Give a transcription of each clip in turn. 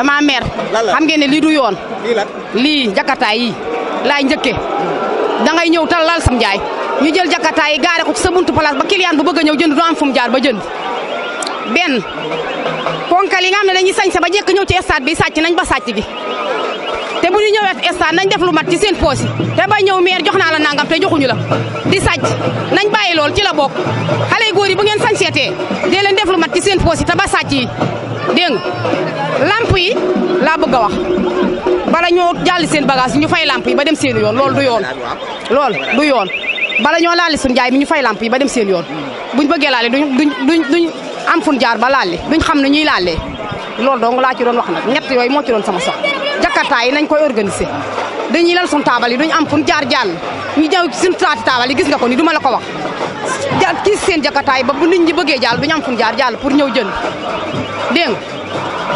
dama mer. xam ngeen ne lii du yoon. lii lii jakartaay yi laay njëkke da ngay ñëw tal lal sam jaay ñu jël jakartaay yi gaare ko ci sa buntu place ba client bu bëgg a jënd du am fu mu jaar ba jënd benn ponkal yi xam ne dañuy sañse ba jekk ñëw ci stade bi sàcc nañ ba sàcc gi te bu ñu ñëwee stade nañ def lu mat ci seen poos yi te bay ñëw meer jox naa la nangam te joxuñu la di sàcc nañ bàyyi lool ci la bokk xale yu góor yi bu ngeen sañseetee def lu mat ci seen poos yi te ba sàcc yi dégg nga lamp yi laa bëgg a wax bala ñoo jàll seen bagage ñu fay lamp yi ba dem seen yoon loolu du yoon lool du yoon bala ñoo laali suñ jaay mi ñu fay lamp yi ba dem seen yoon buñ bëggee laale duñ duñ duñ am fun jaar ba laale duñ xam ne ñuy laalee loolu dong laa ci doon wax nag ñett yooyu moo ci doon sama sox jakartaa yi nañ koy organiser dañuy lal suñ taabal yi duñ am fun jaar jaan ñu jaw ci suñu taati taabal yi gis nga ko ni duma la ko wax ja kii seen jakataay ba bu nit ñi bëggee jàll duñu am fu jaar jàll pour ñëw jënd dégg nga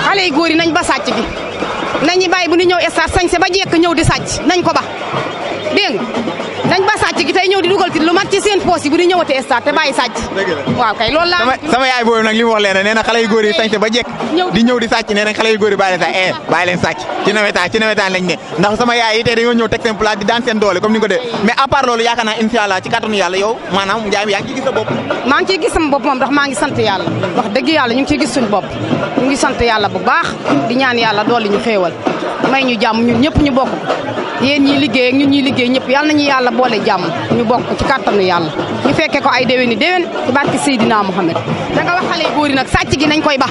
xale yi góor yi nañ ba sàcc gi nañu bàyyi bu ñu ñëw estaat sañse ba jekk ñëw di sàcc nañ ko ba poos yi bu di ñëwatee stade te bàyyi sàcc waaw kay loolu laa sama yaay boobu nag li mu wax leen nee na xale yu góor yi sañte ba jekk di ñëw di sàcc nee na xale yu góor yi bàyyi leen sàcc eh bàyyi leen sàcc ci nawetaan ci nawetaan ne ndax sama yaay yi tey dañoo ñëw teg seen place di daan doole comme ni ko dee mais à loolu yaakaar naa incha allah ci kàttanu yàlla yow maanaam njaay yaa ngi ciy bopp maa ngi ciy gis bopp moom ndax maa ngi sant yàlla wax dëgg yàlla ñu ngi ciy gis yéen ñiy liggéey ak ñun ñuy liggéey ñëpp yal nañu yàlla boole jàmm ñu bokk ci kàttanu yàlla ñu fekkee ko ay déwéni déwén ci barke Seydina Mouhamed da nga wax xale góor yi nag sàcc gi nañ koy ba